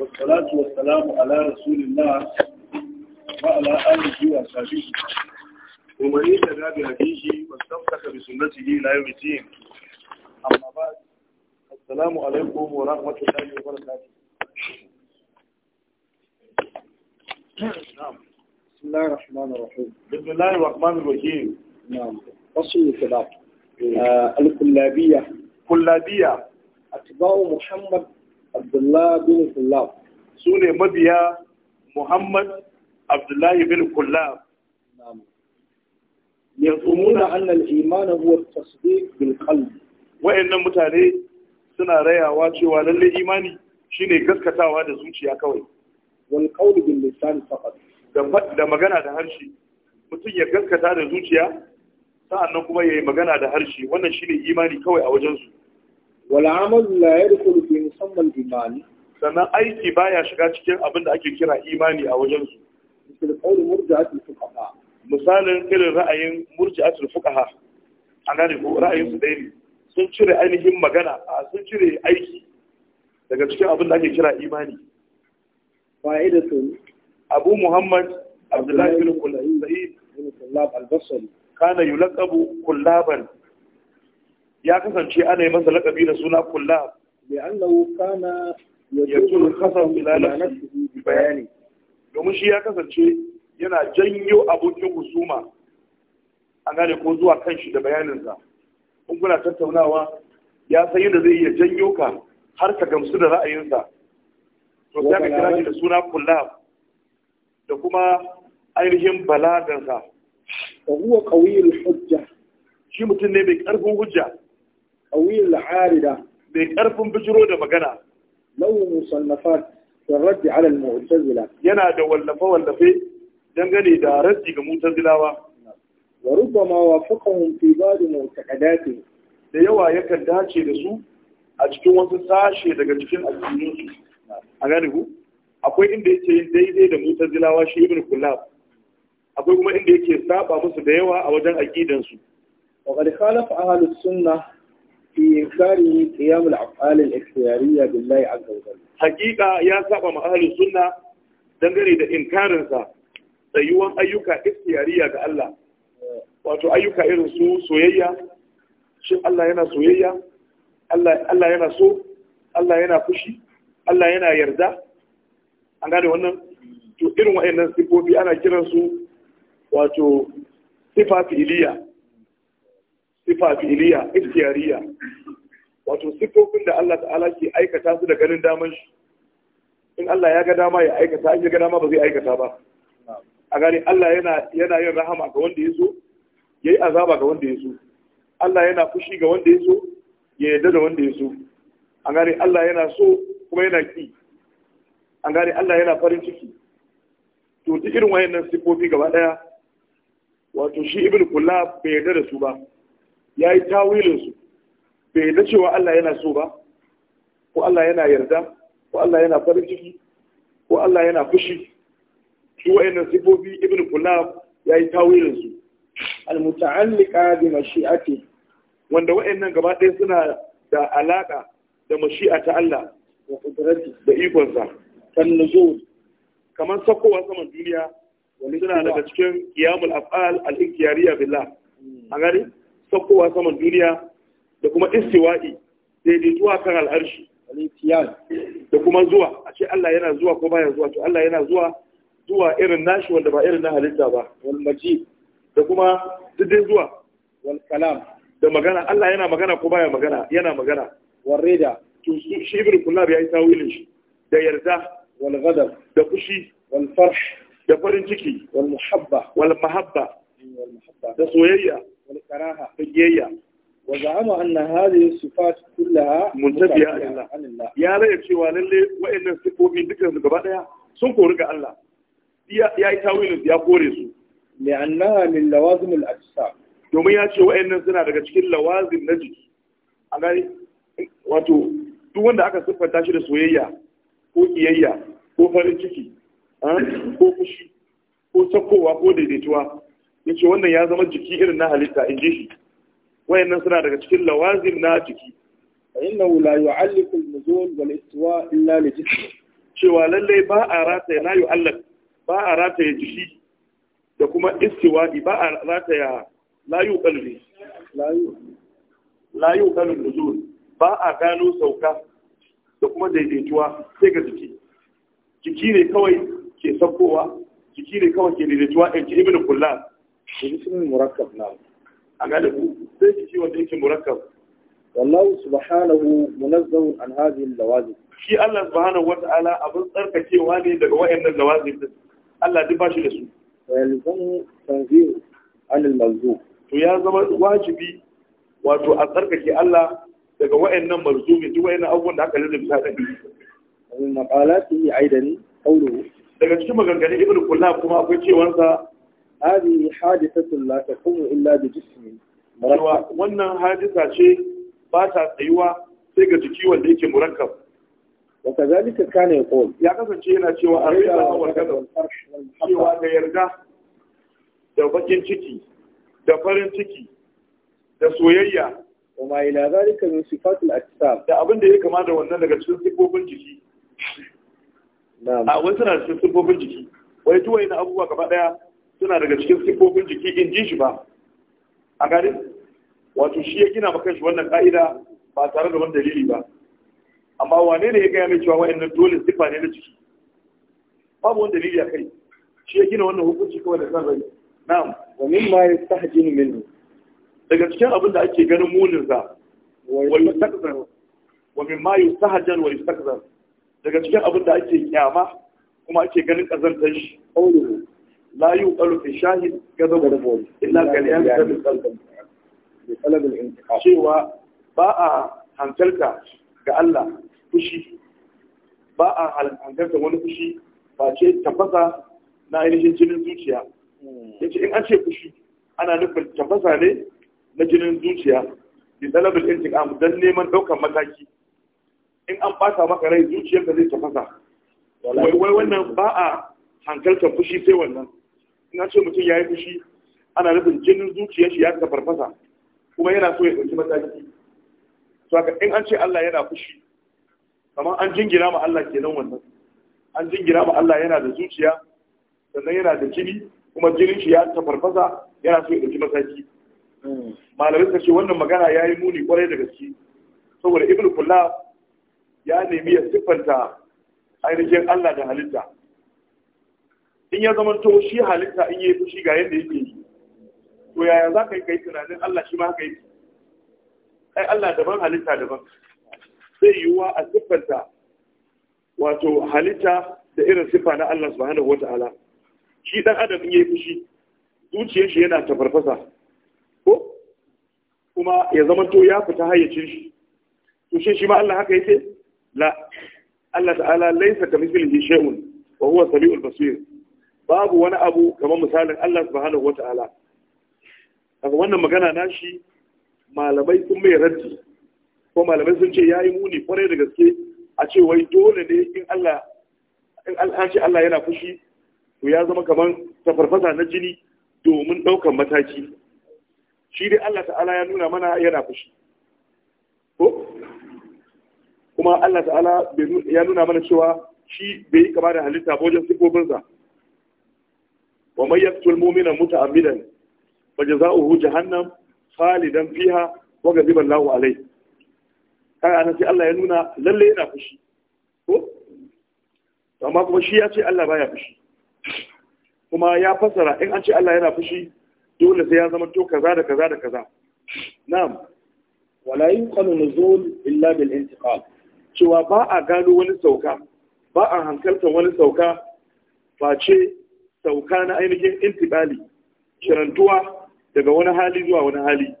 والصلاة والسلام على رسول الله وعلى آله وصحبه ومن يتبع بهديه واستمسك بسنته لا يوم الدين أما بعد السلام عليكم ورحمة الله وبركاته نعم بسم الله الرحمن الرحيم بسم الله الرحمن الرحيم نعم فصل الكلام آه، الكلابية كلابية أتباع محمد Abdullah bin Kullab su ne mabiya Muhammad Abdullahi bin Kullab يظنون أن الإيمان هو التصديق بالقلب nan mutane suna rayawa cewa lalle imani shine gaskatawa da zuciya kawai wal qawl bil lisan faqat da magana da harshe mutum ya gaskata da zuciya sa'annan kuma ya yi magana da harshe wannan shine imani kawai a wajensu. wala amalu la yadkhulu fi musamman iman sannan aiki ya shiga cikin abin da ake kira imani a wajen su misal qawl fuka fuqaha misalin irin ra'ayin murji'atul fuqaha an gane ko ra'ayin su dai sun cire ainihin magana sun cire aiki daga cikin abin da ake kira imani fa'idatun abu muhammad abdullahi bin kullabi bin kullab al-basri kana yulaqabu kullaban ya kasance ana yi masa lakabi da suna kulla annahu kana ya kasan nafsihi bayani domin shi ya kasance yana janyo abokin husuma A gane ko zuwa kan shi da bayaninsa in kuna tattaunawa ya san yadda zai iya janyo ka har ka gamsu da ra'ayinsa to sai ka kira shi da suna kulla da kuma ainihin balagansa wa huwa qawiyul hujja shi mutum ne mai karfin hujja qawiyul arida mai ƙarfin bijiro da magana lahu musannafat da raddi ala al-mu'tazila yana da wallafe wallafe dangane da raddi ga mu'tazilawa wa rubbama wafaqahum fi ba'd mu'taqadati da yawa yakan dace da su a cikin wasu sashe daga cikin addinin a gane ku akwai inda yake yin daidai da mutazilawa shi ibn kullab akwai kuma inda yake saba musu da yawa a wajen aƙidansu. su wa qad khalafa ahlus inkari qiyamul af'al al-ikhtiyariyya billahi azza wa ya saba ma ahlus sunna dangane da inkarin sa tsayuwan ayyuka ikhtiyariyya ga Allah wato ayyuka irin su soyayya shin Allah yana soyayya Allah yana so Allah yana fushi Allah yana yarda an gane wannan to irin waɗannan sifofi ana kiransu wato sifa fi'iliya sifa fi'iliya ikhtiyariya wato siffofin da Allah ta'ala ke aikata su da ganin daman shi in Allah ya ga dama ya aikata an ya ga dama ba zai aikata ba a gani Allah yana yin rahama ga wanda ya so ya yi azaba ga wanda ya so Allah yana fushi ga wanda ya so ya yarda da wanda ya so a gani Allah yana so kuma yana ki a gani Allah yana farin ciki to duk irin wayannan sifofi gaba daya wato shi ibnu kullab bai yarda da su ba yayi tawilin su bai da cewa Allah yana so ba ko Allah yana yarda ko Allah yana farin ciki ko Allah yana fushi shi yana sifofi ibn kulab yayi tawilin su al mutaallika bi mashi'ati wanda wa'annan gaba ɗaya suna da alaƙa da mashi'a ta Allah da ikonsa kan nuzul kamar sakowa saman duniya suna daga cikin kiyamul af'al al-ikhtiyariya billah a gari sakowa saman duniya da kuma istiwa'i daidaituwa kan al'arshi da kuma zuwa a ce Allah yana zuwa ko baya zuwa to Allah yana zuwa zuwa irin nashi wanda ba irin na halitta ba wal majid da kuma didin zuwa wal kalam da magana Allah yana magana ko baya magana yana magana wal rida to shi ibn kullab yayi tawilin shi da yarda wal ghadab da kushi wal farh da farin ciki wal muhabba wal mahabba da soyayya wal karaha da وزعم ان هذه الصفات كلها منتبهة عن الله يا رأي cewa lallai wa'annan sifofi dukkan ذكر gaba daya sun kori ga Allah ya yi tawilin ya kore su li'annaha min lawazim al-ajsam domin ya ce wa'annan suna daga cikin lawazim na jiki a gani wato aka siffanta shi da soyayya ko kiyayya ko farin ciki ko fushi ko sakowa ko daidaituwa yace wannan ya zama jiki irin na halitta in ji shi wayannan suna daga cikin lawazim na jiki fa innahu la yu'alliqu al-nuzul wal istiwa illa li jismi cewa lalle ba a rataya layu yu'allaq ba a rataya jiki da kuma istiwa'i ba a rataya la yu'alli la yu'alli nuzul ba a gano sauka da kuma daidaituwa sai ga jiki jiki ne kawai ke saukowa jiki ne kawai ke daidaituwa in ji ibn kullab da ismin murakkab na a سبحانه ku sai ki ciwon da yake سبحانه wallahu ابو munazzahun an hadhihi lawazim shi Allah abin ne daga lawazim Allah duk bashi da su yalzamu tanzihu an al to ya zama wajibi wato a tsarkake Allah daga wayannan marzumin duk wa'yan abubuwan da aka lalubta da min maqalatihi aidan qawluhu daga cikin maganganun ibnu kullab kuma akwai cewansa هذه kuma illa da إلا بجسم wannan hadisa ce ba ta tsayuwa sai ga jiki wanda yake murakkab wa kazalika kana yaqul ya kasance yana cewa a arida wal gadab cewa da yarda da bakin ciki da farin ciki da soyayya wa ma ila zalika min sifat al ajsam da abin da ya kama da wannan daga cikin sifofin jiki na'am a wasu na cikin sifofin jiki wai duwaye na abubuwa gaba ɗaya? suna daga cikin siffofin jiki in ji shi ba a gani wato shi ya gina maka shi wannan ka'ida ba tare da wani dalili ba amma wane ne ya gaya mai cewa wa'annan dole siffa ne na jiki babu wani dalili a kai shi ya gina wannan hukunci kawai da zan rai na'am wa min ma yastahjin minhu daga cikin abin da ake ganin munin sa wa yastakzar wa min ma yastahjan wa yastakzar daga cikin abin da ake kyama kuma ake ganin kazantar shi لا يقال في الشاهد غضب إلا كليان غضب القلب بطلب الانتقام شيوا باء hankalta ga Allah fushi ba a wani fushi ba ce tabbasa na ainihin jinin zuciya yace in an ce fushi ana nufin tabbasa ne na jinin zuciya bi talabul intiqam dan neman ɗaukar mataki in an bata maka rai zuciyarka zai tafasa wai wannan ba a fushi sai wannan na ce mutum ya yi fushi ana nufin jinin zuciyar shi ya ta farfasa kuma yana so ya ɗauki mataki to haka in an ce Allah yana fushi kamar an jingina ma Allah kenan wannan an jingina ma Allah yana da zuciya sannan yana da jini kuma jinin shi ya ta farfasa yana so ya ɗauki mataki hmm. malamai suka ce wannan magana ya yi muni kwarai da gaske saboda ibn kullab ya nemi ya siffanta ainihin Allah da halitta in ya zama to shi halitta in yi fushi ga yadda yake yi to yaya za ka yi kai tunanin Allah shi ma haka yi ai Allah daban halitta daban zai yiwuwa a siffanta wato halitta da irin siffa na Allah subhanahu wata'ala shi dan adam in yi fushi zuciyar shi yana tafarfasa ko kuma ya zama to ya fita hayyacin shi to shi shi ma Allah haka yake la Allah ta'ala laisa kamithlihi shay'un wa huwa samiul basir babu wani abu kamar misalin Allah subhanahu ta'ala), daga wannan magana nashi malamai sun mai raddi ko malamai sun ce yayi muni kwarai da gaske a ce wai dole ne in Allah in Allah ce Allah yana fushi to ya zama kamar tafarfata na jini domin daukan mataki shi dai Allah ta'ala ya nuna mana yana fushi ko kuma Allah ta'ala ya nuna mana cewa shi bai yi kama da halitta ba wajen sifofinsa wa man yaqtul mu'mina muta'ammidan fa jazaohu jahannam khalidan fiha wa ghadiba Allahu alayhi kaga anan sai Allah ya nuna lalle yana fushi ko amma kuma shi ya ce Allah baya fushi kuma ya fassara in an ce Allah yana fushi dole sai ya zama to kaza da kaza da kaza na'am wala yuqalu nuzul illa bil intiqal cewa ba a gano wani sauka ba a hankaltar wani sauka face sauka na ainihin intibali shirantuwa daga wani hali zuwa wani hali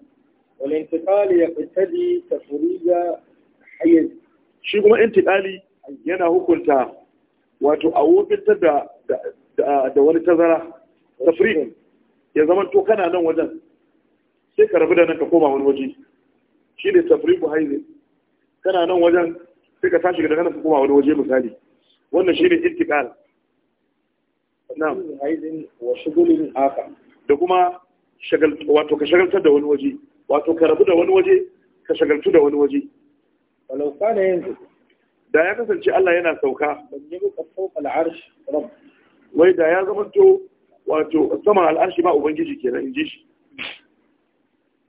wal intiqali yaqtadi tafriga hayz shi kuma intiqali yana hukunta wato a wofintar da da wani tazara tafriq ya zama to kana nan wajen sai ka rabu da nan ka koma wani waje shi ne tafriqu haizi kana nan wajen sai ka tashi daga nan ka koma wani waje misali wannan shi ne intiqal na'am haizin wa shugulin aka da kuma wato ka shagaltar da wani waje wato ka rabu da wani waje ka shagaltu da wani waje walau kana yanzu da ya kasance Allah yana sauka wai da ya zama to wato sama al'arshi ma ubangiji kenan in ji shi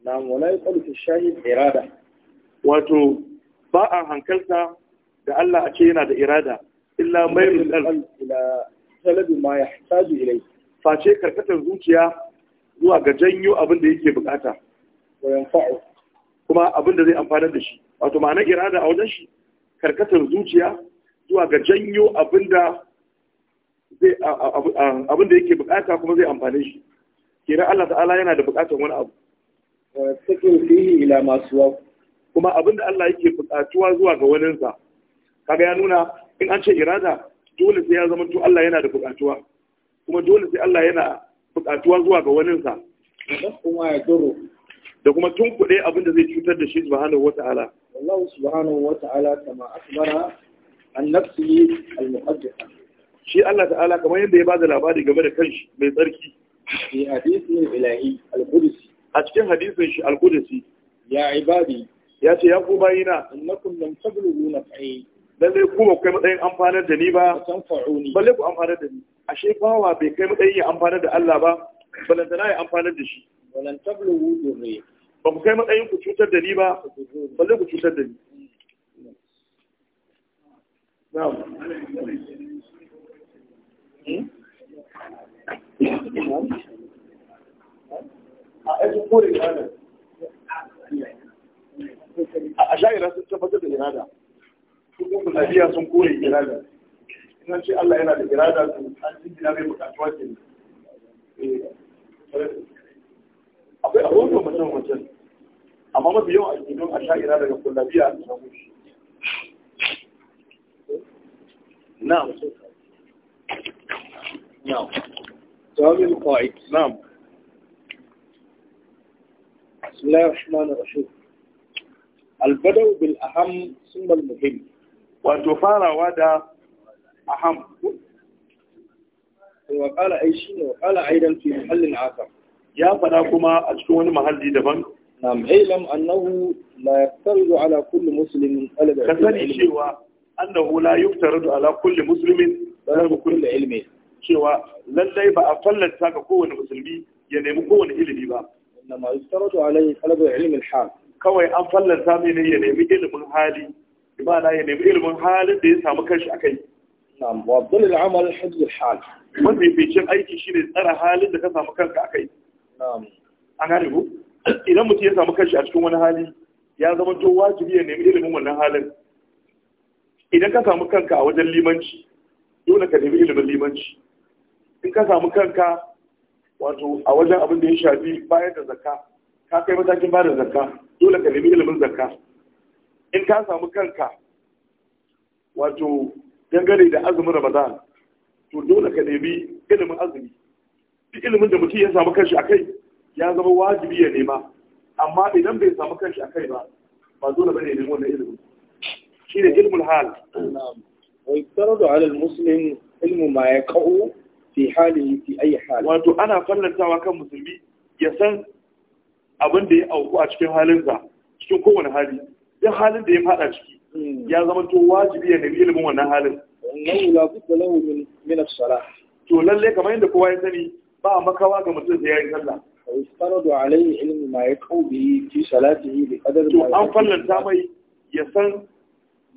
na wala yuqalu fi shahid irada wato ba a hankalta da Allah a ce yana da irada illa mai ila talabi ma ya taji ilai face karkatar zuciya zuwa ga janyo abin da yake bukata Wayan yanfa'u kuma abin da zai amfanar da shi wato ma'ana irada a wajen shi karkatar zuciya zuwa ga janyo abin da zai abin da yake bukata kuma zai amfane shi kira Allah ta'ala yana da bukatar wani abu sakin fihi ila masu kuma abin da Allah yake bukatuwa zuwa ga waninsa kaga ya nuna in an ce irada dole sai ya zama to Allah yana da bukatuwa kuma dole sai Allah yana bukatuwa zuwa ga wani sa kuma ya duro da kuma tun kuɗe abin da zai cutar da shi subhanahu wata'ala wallahu subhanahu wata'ala kama akbara an nafsi al-muqaddasa shi Allah ta'ala kamar yadda ya bada labari game da kanshi mai tsarki fi hadisin ilahi al-qudsi a cikin hadisin shi al-qudsi ya ibadi ya ce ya ku bayina annakum lam tablughu naf'i lallai ku ba kai matsayin amfanar da ni ba balle ku amfanar da ni ashe bawa bai kai matsayin ya amfanar da Allah ba balantana ya amfanar da shi walan tablu durri ba ku kai matsayin ku cutar da ni ba balle ku cutar da ni hmm? a ajin kore irada a sha'ira sun tabbatar da irada Dukkan lafiya sun kore irada. Ina ce Allah yana da irada to an jingina mai bukatuwa ke Akwai abubuwan mutum mutum. Amma mafi yawan aljidun a sha irada ga kullabiya a samu shi. نعم نعم جواب القواعد نعم بسم الله الرحمن الرحيم البدء بالأهم ثم المهم wato farawa da aham wa kala ai shi ne wa ai dan fi mahallin aka ya fada kuma a cikin wani mahalli daban nam ilam annahu la yaftaridu ala kulli muslimin talaba ka sani cewa annahu la yaftaridu ala kulli muslimin talaba kulli ilmi cewa lallai ba a fallanta ga kowane musulmi ya nemi kowane ilimi ba inna ma yaftaradu alaihi talab ilmi al-hal kawai an fallanta mai ne ya nemi ilimin hali ibada ya nemi ilimin halin da ya samu kanshi akai na'am wa abdul amal hadu hali wanda ya fice aiki shine tsara halin da ka samu kanka akai na'am an gane ku idan mutum ya samu kanshi a cikin wani hali ya zama to wajibi ya nemi ilimin wannan halin idan ka samu kanka a wajen limanci dole ka nemi ilimin limanci in ka samu kanka wato a wajen abin da ya shafi bayar da zakka ka kai matakin bayar da zakka dole ka nemi ilimin zakka in ka samu kanka wato dangane da azumin ramadan to dole ka nemi ilimin azumi duk ilimin da mutum ya samu kanshi a kai ya zama wajibi ya nema amma idan bai samu kanshi a kai ba ba dole ba ne wannan ilimin shi ne ilimin hal wa على المسلم almuslim ilmu ma yaqau fi halihi fi ayi hal wato ana fallantawa kan musulmi ya san abin da ya auku a cikin halinsa cikin kowane hali duk halin da ya fada ciki ya zama to wajibi ya nabi ilimin wannan halin innahu la budda lahu min min as-salah to lalle kamar yadda kowa ya sani ba makawa ga mutum da yayi sallah istaradu alayhi ilmu ma yaqau bi fi salatihi bi qadar to an fallanta mai ya san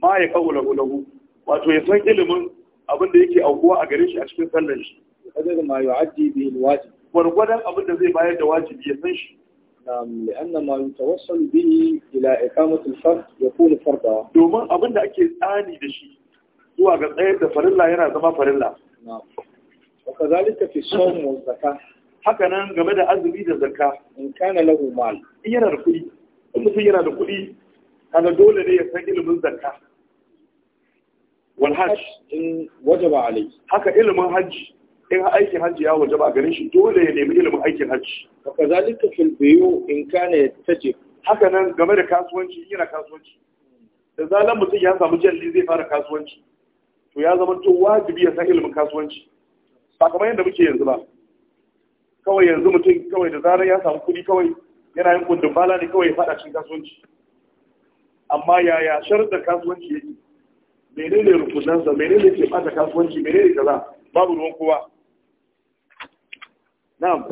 ma ya kaula lahu wato ya san ilimin abin da yake aukuwa a gare shi a cikin sallar shi qadar ma yu'addi bi al-wajib gwargwadon abin da zai bayar da wajibi ya san shi نعم لأن ما يتوصل به إلى إقامة الفرد يكون فردا دوما أبدا أكيد آني دشي هو غير فرلا يرى زما فرلا نعم وكذلك في الصوم والزكاة haka nan game da azumi da zakka in kana lahu mal yana da kuɗi in mutum yana da kuɗi kaga dole ne ya san ilimin zakka wal hajj haka ilimin hajji in aikin hajji ya wajaba a garin shi dole ya nemi ilimin aikin hajji wa kazalika fil biyu in kana yattaji haka nan game da kasuwanci yana kasuwanci da zalan mutum ya samu jalli zai fara kasuwanci to ya zama to wajibi ya san ilimin kasuwanci ba kamar yadda muke yanzu ba kawai yanzu mutum kawai da zarar ya samu kuɗi kawai yana yin kundin bala ne kawai ya faɗa cikin kasuwanci amma yaya sharuɗar kasuwanci yake menene rukunansa menene ke ɓata kasuwanci menene kaza babu ruwan kowa نعم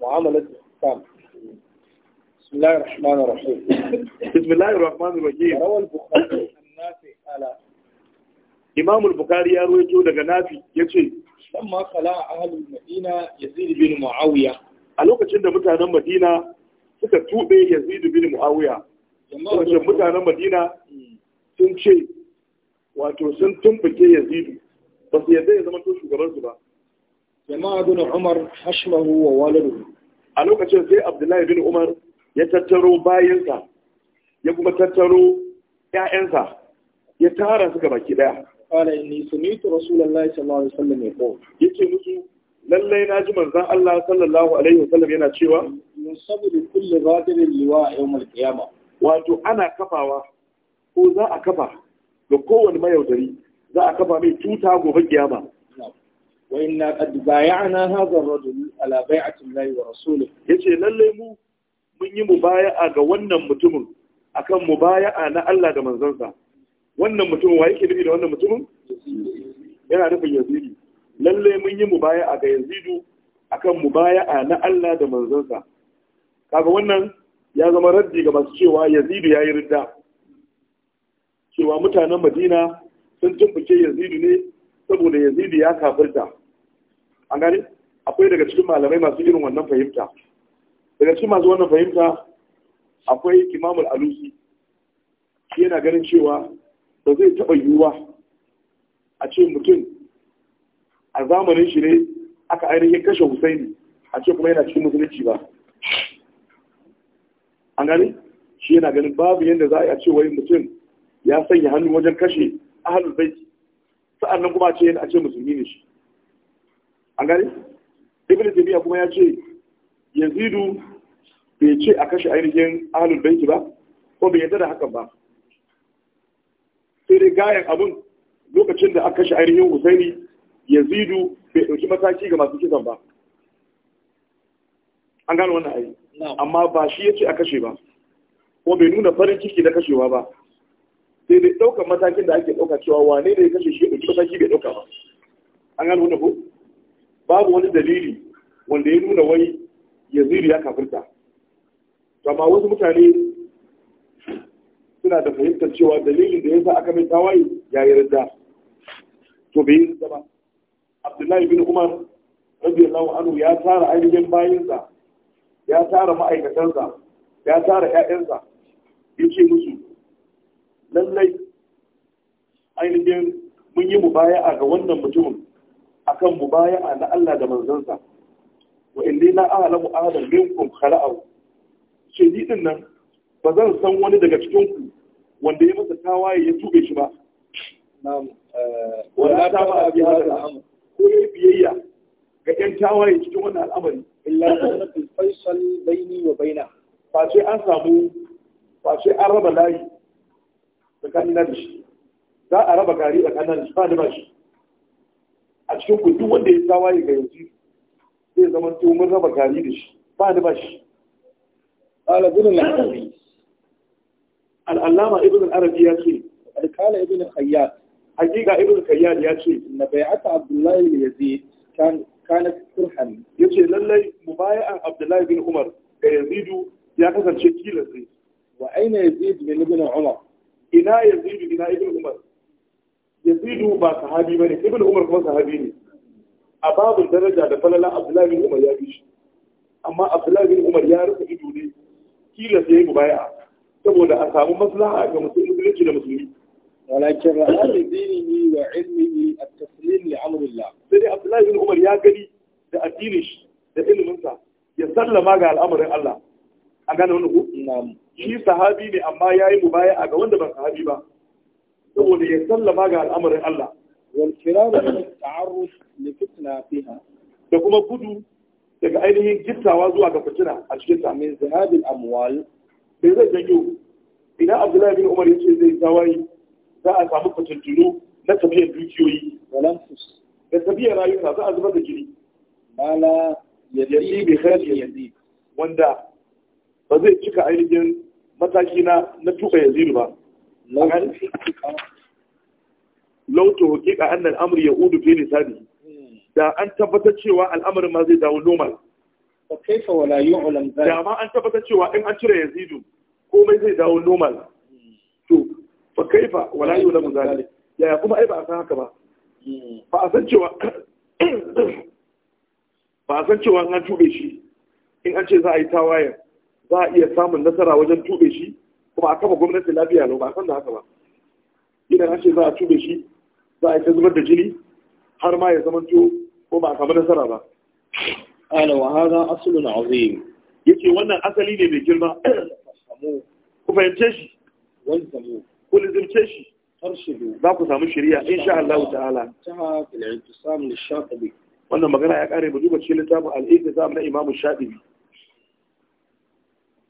معاملة الإحكام بسم الله الرحمن الرحيم بسم الله الرحمن الرحيم روى البخاري النافع على إمام البخاري يروي جودة نافي يقول لما خلا أهل المدينة يزيد بن معاوية a lokacin da mutanen Madina suka tuɓe Yazid bin Muawiya wajen mutanen Madina sun ce wato sun tumbuke Yazid ba su yadda ya zama to shugabansu ba jama'a bin umar hashmahu wa waladu a lokacin sai abdullahi bin umar ya tattaro bayansa ya kuma tattaro ƴaƴansa ya tara su baki daya qala inni sami'tu rasulullahi sallallahu alaihi wasallam yaqul yace musu lallai na ji manzon Allah sallallahu alaihi wasallam yana cewa yusabu li kulli ghadirin liwa yawm al-qiyama wato ana kafawa ko za a kafa ga kowane mayaudari za a kafa mai tuta gobe kiyama wa inna qad bay'ana hadha ar-rajul ala bay'ati Allah wa rasulih yace lalle mu mun yi mubaya'a ga wannan mutumin akan mubaya'a na Allah da manzansa wannan mutumin wa yake nufi da wannan mutumin yana nufin yazidi Lallai mun yi mubaya'a ga yazidu akan mubaya'a na Allah da manzansa kaga wannan ya zama raddi ga masu cewa yazidu ya yi ridda cewa mutanen madina sun tumbuke yazidu ne saboda yazidi ya kafirta a gani akwai daga cikin malamai masu irin wannan fahimta daga cikin masu wannan fahimta akwai imamul alusi yana ganin cewa ba zai taɓa yiwuwa a ce mutum a zamanin shi ne aka ainihin kashe husaini a ce kuma yana cikin musulunci ba an gani shi yana ganin babu yadda za a ce wai mutum ya sanya hannu wajen kashe ahalul baiti sa'annan nan kuma ce a ce musulmi ne shi an gani ibn tabiya kuma ya ce yazidu bai ce a kashe ainihin ahalun banki ba ko bai yadda da hakan ba sai dai gayan abun lokacin da aka kashe ainihin husaini yazidu bai ɗauki mataki ga masu kisan ba an gano wannan ayi amma ba shi ya ce a kashe ba ko bai nuna farin ciki da kashewa ba sai dai ɗaukar matakin da ake ɗauka cewa wane ne ya kashe shi ɗauki mataki bai ɗauka ba an gano wani ko babu wani dalili wanda ya nuna wai ziri ya kafirta to amma wasu mutane suna da fahimtar cewa dalilin da ya sa aka mai tawaye ya yi radda to bai yi ba abdullahi bin umar radiyallahu anhu ya tara ainihin bayinsa ya tara ma'aikatansa ya tara 'ya'yansa ya ce musu lallai ainihin mun yi mubaya'a ga wannan mutumin akan mubaya'a na Allah da manzansa wa inni la a'lamu ahadan minkum khala'ahu ce ni din nan ba zan san wani daga cikin ku wanda ya masa tawaye ya tube shi ba na'am eh, ta ba abi hada al'amr ko yayi biyayya ga yan tawaye cikin wannan al'amari illa kana faisal baini wa baina fa sai an samu fa sai an raba layi tsakanina da shi za a raba gari tsakanina da shi ba ni ba shi a cikin ku duk wanda ya sa waye ga yanzu zai zama to mun raba gari da shi ba ni ba shi ala gudun al-arabi al-allama ibn al-arabi ya ce al-kala ibn khayyat hakika ibn khayyat ya ce na bai'ata abdullahi bin yazid kan kana turhan yace lallai mubaya'an abdullahi bin umar ga yazidu ya kasance sai. wa aina yazid bin ibn umar ina yazidu ina ibn umar yazidu ba sahabi ba ne ibn umar kuma sahabi ne a babin daraja da falala abdullahi bin umar ya bi shi amma abdullahi bin umar ya rufe ido ne kila sai yi baya saboda a samu maslaha ga musulunci da musulmi walakin ra'ayi bi dinihi wa ilmihi at-taslim li amrillah sai abdullahi bin umar ya gani da addinin shi da ilminsa ya sallama ga al'amarin Allah an gane wannan ku na'am shi sahabi ne amma ya yi mubaya ga wanda ba sahabi ba saboda ya sallama ga al'amarin Allah da kuma gudu daga ainihin gittawa zuwa ga fitina a cikin ta min zahabil amwal sai zai janyo idan Abdullahi bin Umar yace zai tawayi za a samu fitintunu na tafiyar dukiyoyi walanfus da tafiyar rayuka za a zubar da jini mala yadi bi khair yadi wanda ba zai cika ainihin mataki na na tuba yazidu ba lauto hakika annan amri ya udu fi lisani hmm. da an tabbatar cewa al'amarin ma zai dawo normal da ma an tabbatar cewa in an cire yazidu komai zai dawo normal hmm. to fa kaifa wala yu'lam zai yaya kuma ai ba a san haka ba hmm. ba a san cewa ba a san cewa an tube shi in an ce za a yi tawayen za a iya samun nasara wajen tube shi kuma a kafa gwamnati lafiya lau ba san da haka ba idan an ce za a tube shi za a ta zubar da jini har ma ya zamanto ko ba a samu nasara ba ala wa hada aslun azim yace wannan asali ne mai girma ku fahimce shi wanzamu ku lizimce shi za ku samu shari'a insha Allah ta'ala ta wannan magana ya kare mu duba cikin littafin al-i'tisam na Imam Shafi'i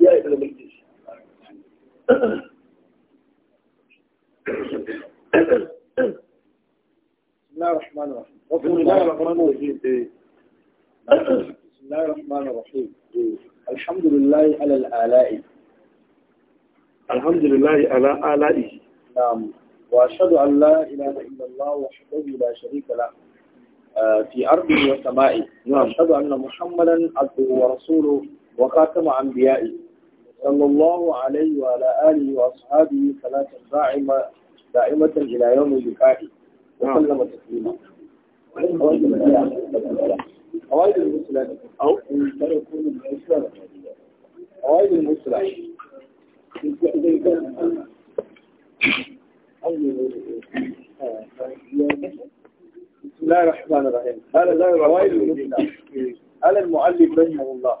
بسم الله الرحمن الرحيم بسم الله الرحمن الرحيم الحمد لله على الآلاء الحمد لله على آلائه نعم وأشهد أن لا إله إلا الله وحده لا شريك له آه، في أرضه وسمائه نعم. وأشهد أن محمدا عبده ورسوله وخاتم أنبيائه صلى الله عليه وعلى آله وأصحابه صلاة دائمة دائمة إلى يوم اللقاء نعم. وسلم تسليما أوائل المسلم أو أوائل المسلم بسم الله الرحمن الرحيم قال لا أوائل المسلم قال المعلم رحمه الله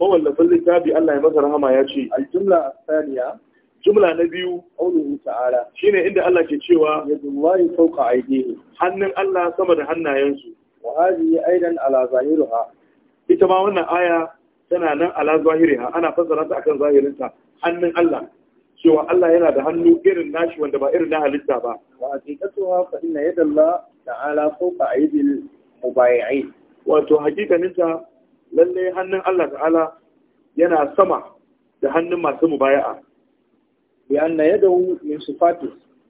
mawallafin littafi Allah ya masa rahama ya ce Aljumla jumla jumla na biyu qauluhu ta'ala shine inda Allah ke cewa yadullahi fawqa aydihi hannun Allah sama da hannayensu wa hadhihi aidan ala zahiriha ita ma wannan aya tana nan ala zahiriha ana fassara ta akan zahirinta hannun Allah cewa Allah yana da hannu irin nashi wanda ba irin na halitta ba wa haqiqatuha fa inna yadallahu ta'ala fawqa aydil mubayi'in wato hakikaninta lalle hannun Allah ta'ala yana sama da hannun masu mubaya'a bi anna yadahu min sifati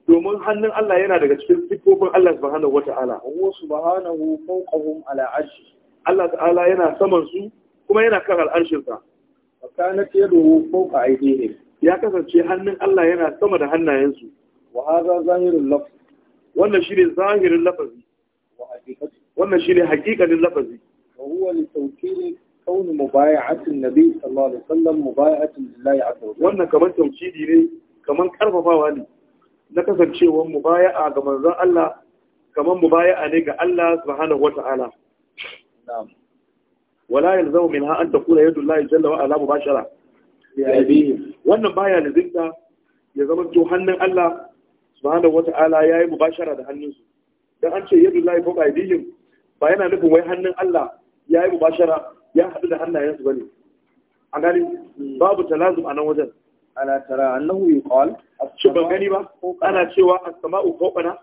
domin hannun Allah yana daga cikin sifofin Allah subhanahu wata'ala wa subhanahu fawqahum ala arshi Allah ta'ala yana saman su kuma yana kan al'arshin sa wa kanat yaduhu fawqa aydihim ya kasance hannun Allah yana sama da hannayensu wa hadha zahirul lafz wannan shine zahirin lafazi wa haqiqatu wannan shine hakikatin lafazi وهو لتوكيل كون مبايعة النبي صلى الله عليه وسلم مبايعة لله عز وجل wannan kamar tauhidi ne kamar karfafawa ne na kasancewar mubaya'a ga manzon Allah kamar mubaya'a ne ga Allah subhanahu wata'ala na'am wala yalzamu minha an taqula yadu Allah jalla wa ala mubashara wannan baya da zinta ya zama to hannun Allah subhanahu wata'ala yayi mubashara da hannunsu dan an ce yadu Allah fawqa aydihim ba yana nufin wai hannun Allah ya yi mubashara ya haɗu da hannayensu ba ne a gani babu talazum a nan wajen ana tara annahu kawal. shi ban gani ba ana cewa as-sama'u fawqana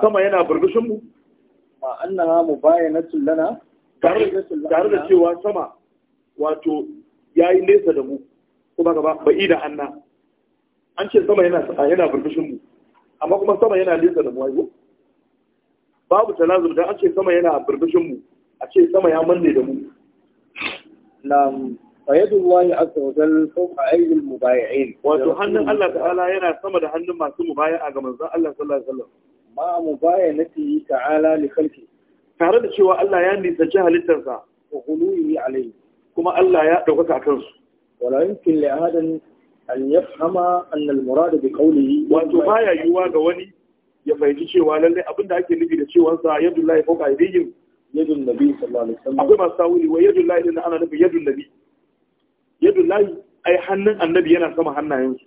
sama yana burgushin mu ma baya na tullana. tare da cewa sama wato ya yi nesa da mu kuma gaba bai da anna an ce sama yana yana burgushin mu amma kuma sama yana nesa da mu babu talazum da an ce sama yana burgushin mu a ce sama ya manne da mu na'am fayadullahi azza wa jal fawqa aydil mubayi'in wato hannun Allah ta'ala yana sama da hannun masu mubayi'a ga manzon Allah sallallahu alaihi wasallam ma mubayi'ati ta'ala li khalqi tare da cewa Allah ya nisanci halittarsa wa huluyi alai kuma Allah ya ɗaukaka a kansu wala yumkin li ahadan an yafhama anna al murad bi qawlihi wato baya yiwuwa ga wani ya fahimci cewa lallai abinda ake nufi da cewa sa yadullahi fawqa aydihim yadun nabi sallallahu alaihi wasallam akwai masu tawili wa yadun lahi din ana nufin yadun nabi yadun lahi ai hannun annabi yana sama hannayensu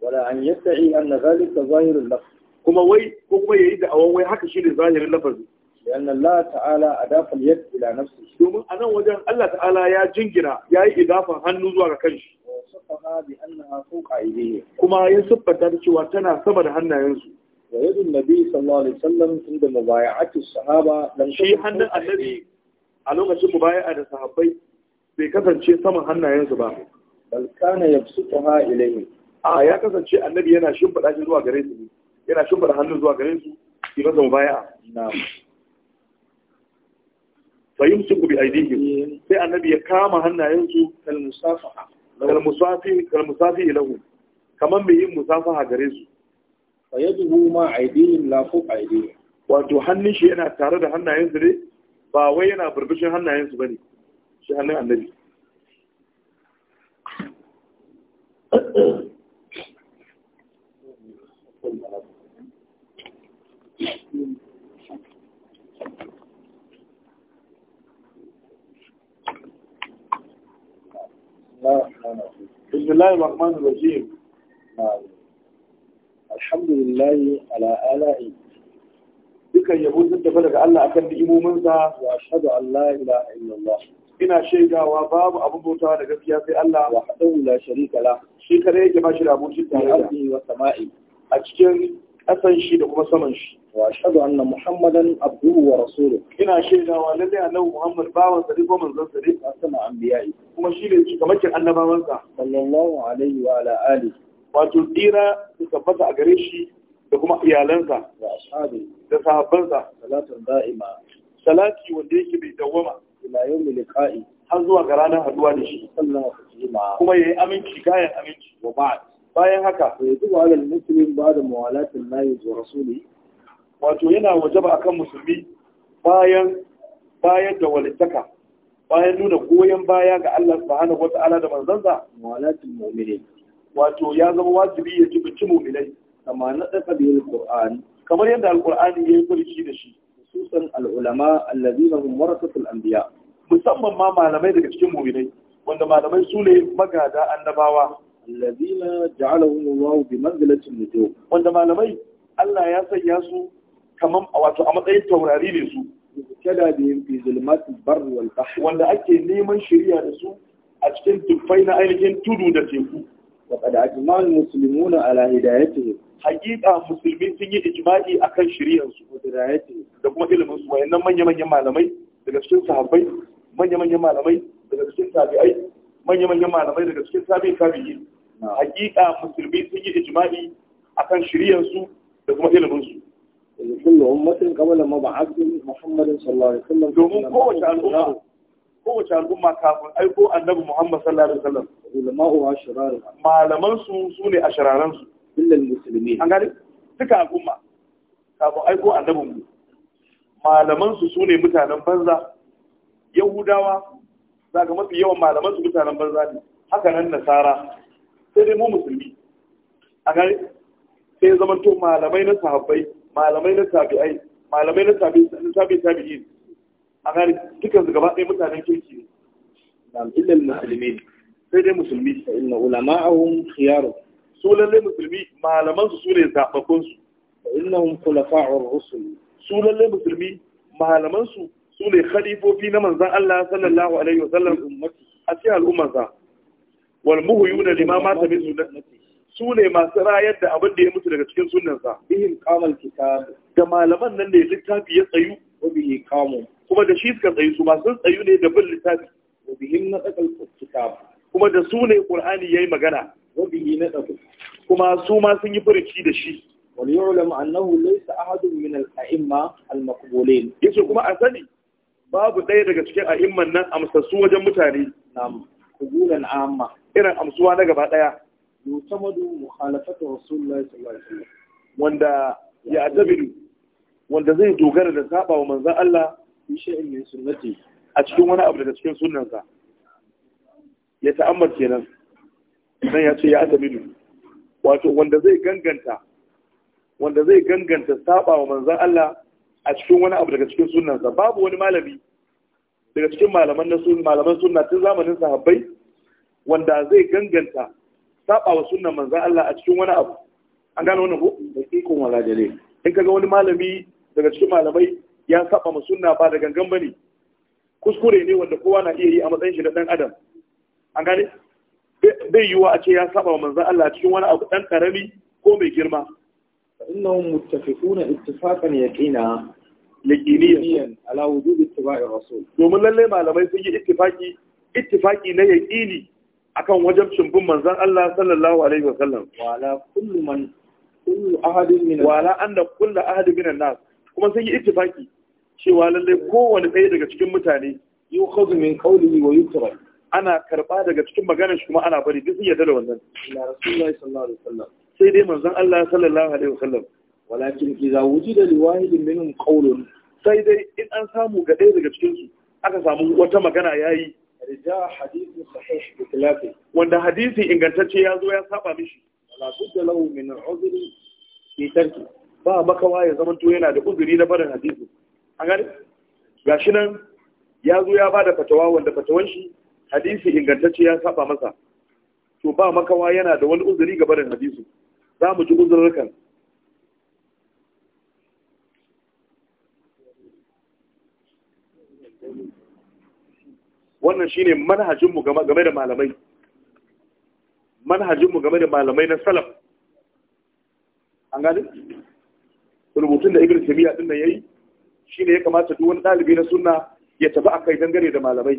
wala an yasta'i anna zalika zahirul lafz kuma wai ko kuma yayi da awan wai haka shine zahirin lafazi لأن الله تعالى أضاف اليد إلى نفسه دوم أنا وجه الله تعالى يا جنجرة يا إضافة هنو زوا كنش وصفها بأنها فوق أيديه كما يسبب تدشي وتنا سبب هنا ينزل wa yadun nabi sallallahu alaihi wasallam tunda mubaya'atu sahaba lam shi hannun annabi a lokacin mubaya'a da sahabbai bai kasance sama hannayensu ba bal kana yabsutuha ilayhi a ya kasance annabi yana shimfiɗa shi zuwa gare su yana shimfiɗa hannun zuwa gare su yi masa mubaya'a na'am fa yumsiku bi aydihim sai annabi ya kama hannayensu kal musafaha kal musafi kal musafi lahu kaman mai yin musafaha gare su fayaduhu ma aidihim la fu aidihim wato hannun shi yana tare da hannayen su ne ba wai yana burbushin hannayen su bane shi hannun annabi بسم الله الرحمن الرحيم alhamdulillah ala ala'i dukan yabo sun tafi daga Allah akan ni'imomin sa wa ashhadu an la ilaha illallah ina shaidawa babu abin bautawa da gaskiya sai Allah wa hadahu la sharika la shi kare yake ba shi da abokin tarayya wa sama'i a cikin kasan shi da kuma saman shi wa ashhadu anna muhammadan abduhu wa rasuluhu ina shaidawa lalle annabi muhammad bawan sa ko manzon sa ne asana anbiya'i kuma shi ne kamar annabawansa sallallahu alaihi wa ala alihi wato tsira su tabbata a gare shi da kuma iyalansa da sahabbansa salati wanda yake bai dawwama ila yawmi liqa'i har zuwa ga ranar haduwa da shi kuma yayi aminci kayan aminci wa ba'd bayan haka ya zuwa ba muslim ba'da mawalatin nayi wa rasuli wato yana wajaba akan musulmi bayan bayan da walittaka bayan nuna goyon baya ga Allah subhanahu wata'ala da manzansa mawalatin mu'minin wato ya zama wajibi ya jibinci mu'minai kama na daga bil qur'an kamar yadda alkur'ani ya yi kurki da shi khususan al'ulama allazina hum warasatul anbiya musamman ma malamai daga cikin mu'minai wanda malamai su ne magada annabawa allazina ja'alahum Allah bi manzilatin nujum wanda malamai Allah ya sanya su kamar wato a matsayin taurari ne su kada da yin fi zulmatil barri wanda ake neman shirya da su a cikin tufai na ainihin tudu da teku da ajman muslimuna ala hidayatihi hakika musulmi sun yi ijma'i akan shari'ar su da hidayati da kuma ilimin su wayannan manya manyan malamai daga cikin sahabbai manya manyan malamai daga cikin tabi'ai manya manyan malamai daga cikin tabi'i tabi'i hakika musulmi sun yi ijma'i akan shari'ar su da kuma ilimin su كل أمة قبل ما بعث محمد صلى الله عليه وسلم. يوم قوة الأمة قوة الأمة كافر أي قوة النبي محمد صلى الله عليه وسلم. ulama'u ashrar malaman su su ne ashraran su illal muslimin an gane duka al'umma kafin aiko annabin mu malaman su su ne mutanen banza yahudawa zaka mafi yawan malaman su mutanen banza ne haka nan nasara sai dai mu musulmi an gane sai zaman to malamai na sahabbai malamai na tabi'ai malamai na tabi'i tabi'i a gane dukkan su gaba ɗaya mutanen kirki ne da al'illar musulmi sai dai musulmi inna ulama'ahum khiyaru su lalle musulmi malaman su ne zababbun su innahum khulafa'ur rusul su lalle musulmi malaman su su ne khalifofi na manzan Allah sallallahu alaihi wa wasallam ummati a cikin al'ummarsa wal muhyuna lima mata min sunnati su ne masu rayar da abin da ya mutu daga cikin sunansa bihim qamal kitab da malaman nan ne littafi ya tsayu wa bihi qamu kuma da shi suka tsayu su masu tsayu ne da bin littafi wa na naqal kitab kuma da su ne ya yi magana wabihi nadaku kuma su ma sun yi furuci da shi Wani wal yu'lam annahu laysa ahadun min al a'imma al maqbulin yace kuma a sani babu ɗaya daga cikin a'imman nan amsassu wajen mutane na'am kubulan amma irin amsuwa na gaba ɗaya yutamadu mukhalafatu rasulullahi sallallahu alaihi wasallam wanda ya tabiru wanda zai dogara da saba wa manzon Allah bishiyar shay'in min sunnati a cikin wani abu daga cikin sunnansa ya ta'ammar kenan nan ya ce ya atamidu wato wanda zai ganganta wanda zai ganganta saba wa manzon Allah a cikin wani abu daga cikin sunansa. babu wani malami daga cikin malaman na sunna malaman sunna tun zamanin sahabbai wanda zai ganganta saba wa sunnan manzon Allah a cikin wani abu an gane wannan ko dakiqun wala dalil in kaga wani malami daga cikin malamai ya saba ma sunna ba da gangan bane kuskure ne wanda kowa na iya yi a matsayin shi da dan adam an gane bai yiwuwa a ce ya saba wa manzan Allah cikin wani abu ɗan ƙarami ko mai girma innahum muttafiquna ittifaqan yaqina yaqiniyan ala wujub ittiba'i rasul domin lalle malamai sun yi ittifaki ittifaki na yaqini akan wajabcin bin manzan Allah sallallahu alaihi wa sallam wa ala kullu man kullu ahadin min wa ala anna kullu ahadin min nas kuma sun yi ittifaki cewa lalle kowane ɗaya daga cikin mutane yukhadhu min qawlihi wa yutra ana karɓa daga cikin maganar shi kuma ana bari duk sun yarda da wannan sai dai manzon Allah sallallahu alaihi wasallam walakin idza wujida li wahidin minhum qawlun sai dai in an samu ga ɗaya daga cikin su aka samu wata magana yayi rija hadithu sahih bi khilafi wanda hadisi ingantacce ya zo ya saba mishi la budda lahu min uzri fi tarki ba makawa ya zama to yana da uzuri na barin hadisi an gani gashi nan ya zo ya bada fatawa wanda fatawan shi hadisi ingantacce ya saba masa to ba makawa yana da wani uzuri ga barin hadisi za mu ji uzurrukan wannan shine manhajinmu game da malamai manhajinmu game da malamai na salaf an gani rubutun da ibn taymiya din nan yayi shine ya kamata duk wani dalibi na sunna ya tafi akai dangane da malamai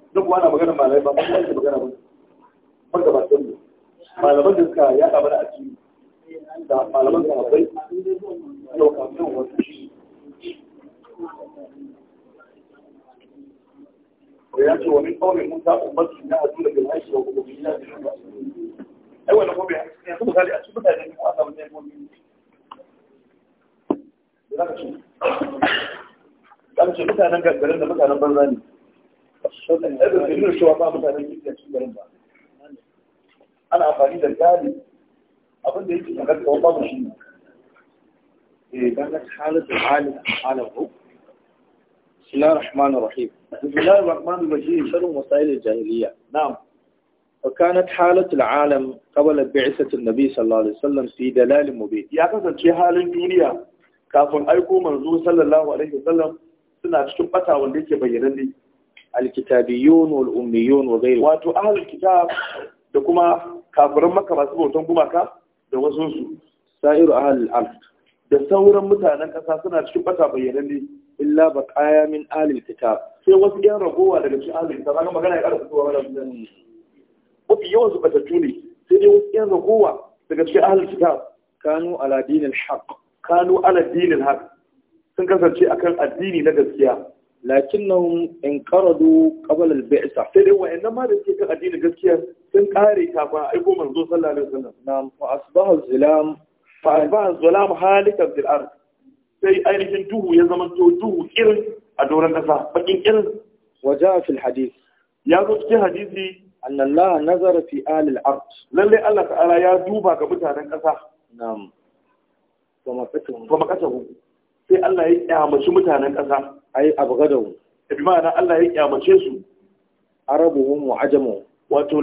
duk wani magana malamai ba kuma yake magana ba magabatan ne. malaman da suka yaɗa mana a cikin da malaman sahabbai yau kafin wasu shi ya ce wa min ƙaunin mun ta umarci na hadu da bin haishi da kuma bin yaji ba ai wannan kuma bai yanzu misali a cikin mutane kuma an samu ne kuma da zaka ce kan ce mutanen gaggarin da mutanen banza ne ana amfani da gari abin da yake magana kawo babu shi ne eh dan nas halu da halu ala hu bismillahir rahmanir rahim bismillahir rahmanir rahim sharun wasail al jahiliya na'am wa kanat halatu al alam qabla al bi'sati an nabi sallallahu alaihi wasallam ya kasance halin duniya kafin aiko manzo sallallahu alaihi wasallam suna cikin bata da yake bayyana ne alkitabiyun wal ummiyun wa ghayru wato ahlul kitab da kuma kafiran Makka masu bautan gumaka da wasu su sa'iru ahlul ard da sauran mutanen kasa suna cikin bata bayyana ne illa baqaya min ahlul kitab sai wasu yan ragowa daga cikin ahlul kitab kaga magana ya karfafa wa wannan mafi yawan su bata tuni sai dai wasu yan ragowa daga cikin ahlul kitab kanu ala dinil haqq kanu ala dinil haqq sun kasance akan addini na gaskiya lakinnahum inqaradu qabla al-bi'sa sai dai wa'annan ma da suke kan addinin gaskiya sun kare kafin aiko manzo sallallahu alaihi wasallam na'am fa asbaha zulam fa asbaha zulam halikan fil sai ainihin duhu ya zama to duhu irin a doron kasa bakin irin waja fil hadith ya zo cikin hadisi annallaha nazara fi alil ard lalle Allah ta'ala ya duba ga mutanen kasa na'am kuma kace kuma kace sai Allah ya kyamaci mutanen ƙasa ai abgadahu bi ma'ana Allah ya kyamace su arabuhum wa ajamuhum wato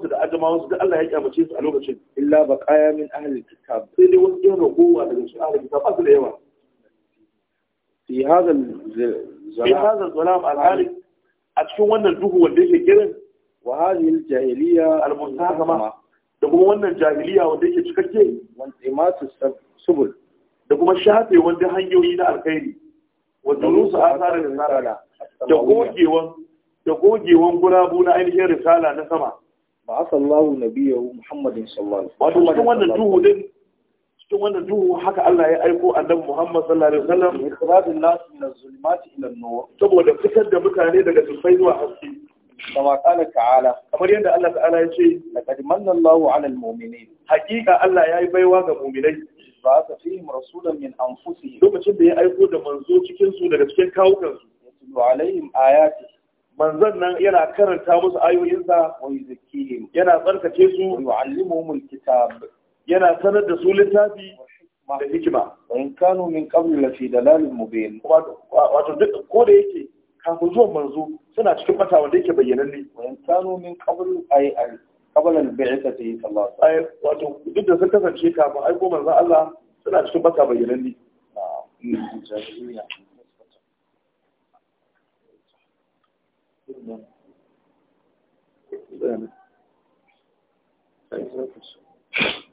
su da ajamawansu duk Allah ya kyamace su a lokacin illa kaya min ahalin kitab sai dai wasu yan ragowa daga su ahalin kitab ba su da yawa fi hadha fi hadha zalam al a cikin wannan duhu wanda yake girin wa hadhihi al-jahiliya al-mustahkama da kuma wannan jahiliya wanda yake cikakke wanda imatu subul da kuma shafe wani hanyoyi na alkhairi wa durusu asara da risala da gogewan da gogewan gurabu na ainihin risala na sama ba asa Allah nabiyahu Muhammadin sallallahu alaihi wasallam cikin wannan duhu din cikin wannan duhu haka Allah ya aiko annabi Muhammad sallallahu alaihi wasallam ikradin nas min az-zulumati ila an-nur saboda fitar da mutane daga dufai zuwa haske kama kala ta'ala kamar yadda Allah ta'ala ya ce laqad manna Allahu 'ala al-mu'minin haqiqa Allah yayi baiwa ga mu'minai ba ta fihim rasulan min anfusihim lokacin da ya aiko da manzo cikin su daga cikin kawukansu su yatlu alaihim ayati manzon nan yana karanta musu ayoyinsa wa yuzakkihim yana tsarkake su wa mun kitab yana sanar da su littafi da hikima in kanu min qabl la fi dalalin mubin wato duk ko da yake kafin zuwan manzo suna cikin mata wanda yake bayyananne wa in kanu min qabl ay kabalan bi'isa ta yi sallallahu alaihi wato duk da sun kasance kama. aiko manzon Allah suna cikin baka bayyanan ne Thank you.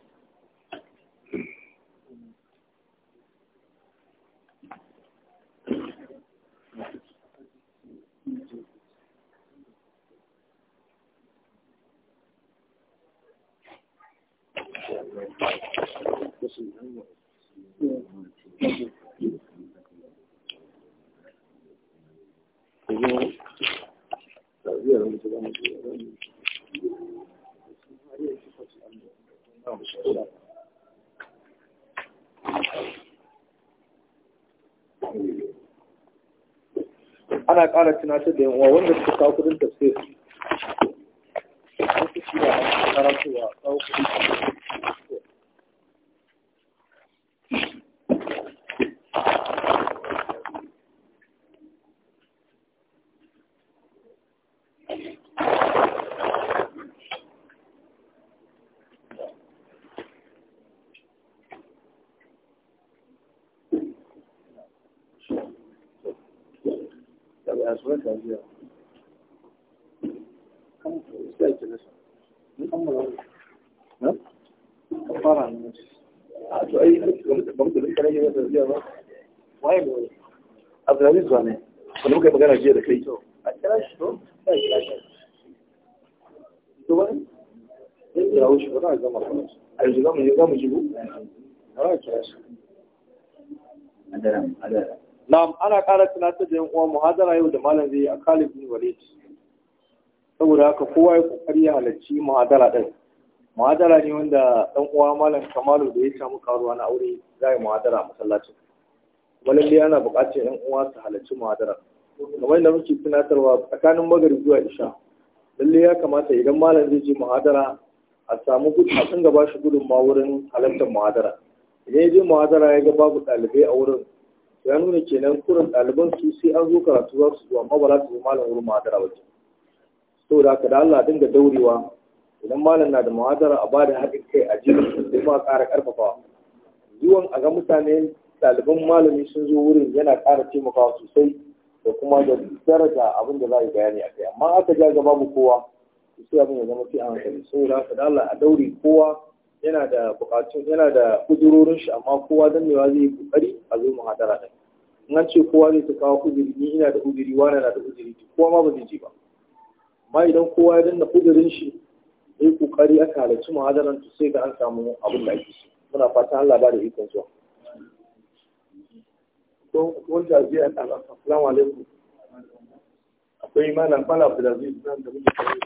ana ƙara tunatar da yawan wanda suka kawo kudin tafsir wasu shi da karantowa kawo kudin abdulaziz zuwa ne wanda muka magana jiya da kai a kira shi to ba ya kira shi to ba ne ya kira ba za a gama ba a yanzu za mu shigo ba a kira shi a daren a daren na'am ana ƙara tunatar da yan uwa muhadara yau da malam zai yi a Khalid bin Walid saboda haka kowa ya kokari ya halarci muhadara din muhadara ne wanda dan uwa malam Kamalu da ya samu karuwa na aure za yi muhadara a masallacin dai ana buƙatar yan uwa su halarci muhadara kamar yadda muke tunatarwa tsakanin magari zuwa isha lalle ya kamata idan malam zai je muhadara a samu gudu a ba shi gudun wurin halartar muhadara idan ya je muhadara ya ga babu ɗalibai a wurin ya nuna kenan kurin ɗaliban su sai an zo karatu za su zo amma ba za su zo malam wurin muhadara ba saboda haka da Allah dinga daurewa idan malam na da ma'adara a bada haɗin kai a jiya sai ma ƙara ƙarfafawa zuwan a ga mutane ɗaliban malami sun zo wurin yana ƙara taimakawa sosai da kuma da daraja abin da za a bayani a kai amma aka ja ga babu kowa sai abin ya zama sai a hankali saboda haka da Allah a daure kowa yana da bukatun yana da kudurorin shi amma kowa dannewa zai yi kokari a zo mahadara ɗin nan ce kowa zai ta kawo uzuri ni ina da uzuri wani na da uzuri kowa ma ba zai je ba amma idan kowa ya danna uzurin shi zai kokari aka halarci muhadaran to sai ga an samu abin da ake so muna fatan Allah ba da ikon zuwa to wanda ji a tsara assalamu alaikum akwai malam malam Abdulaziz nan da muke tare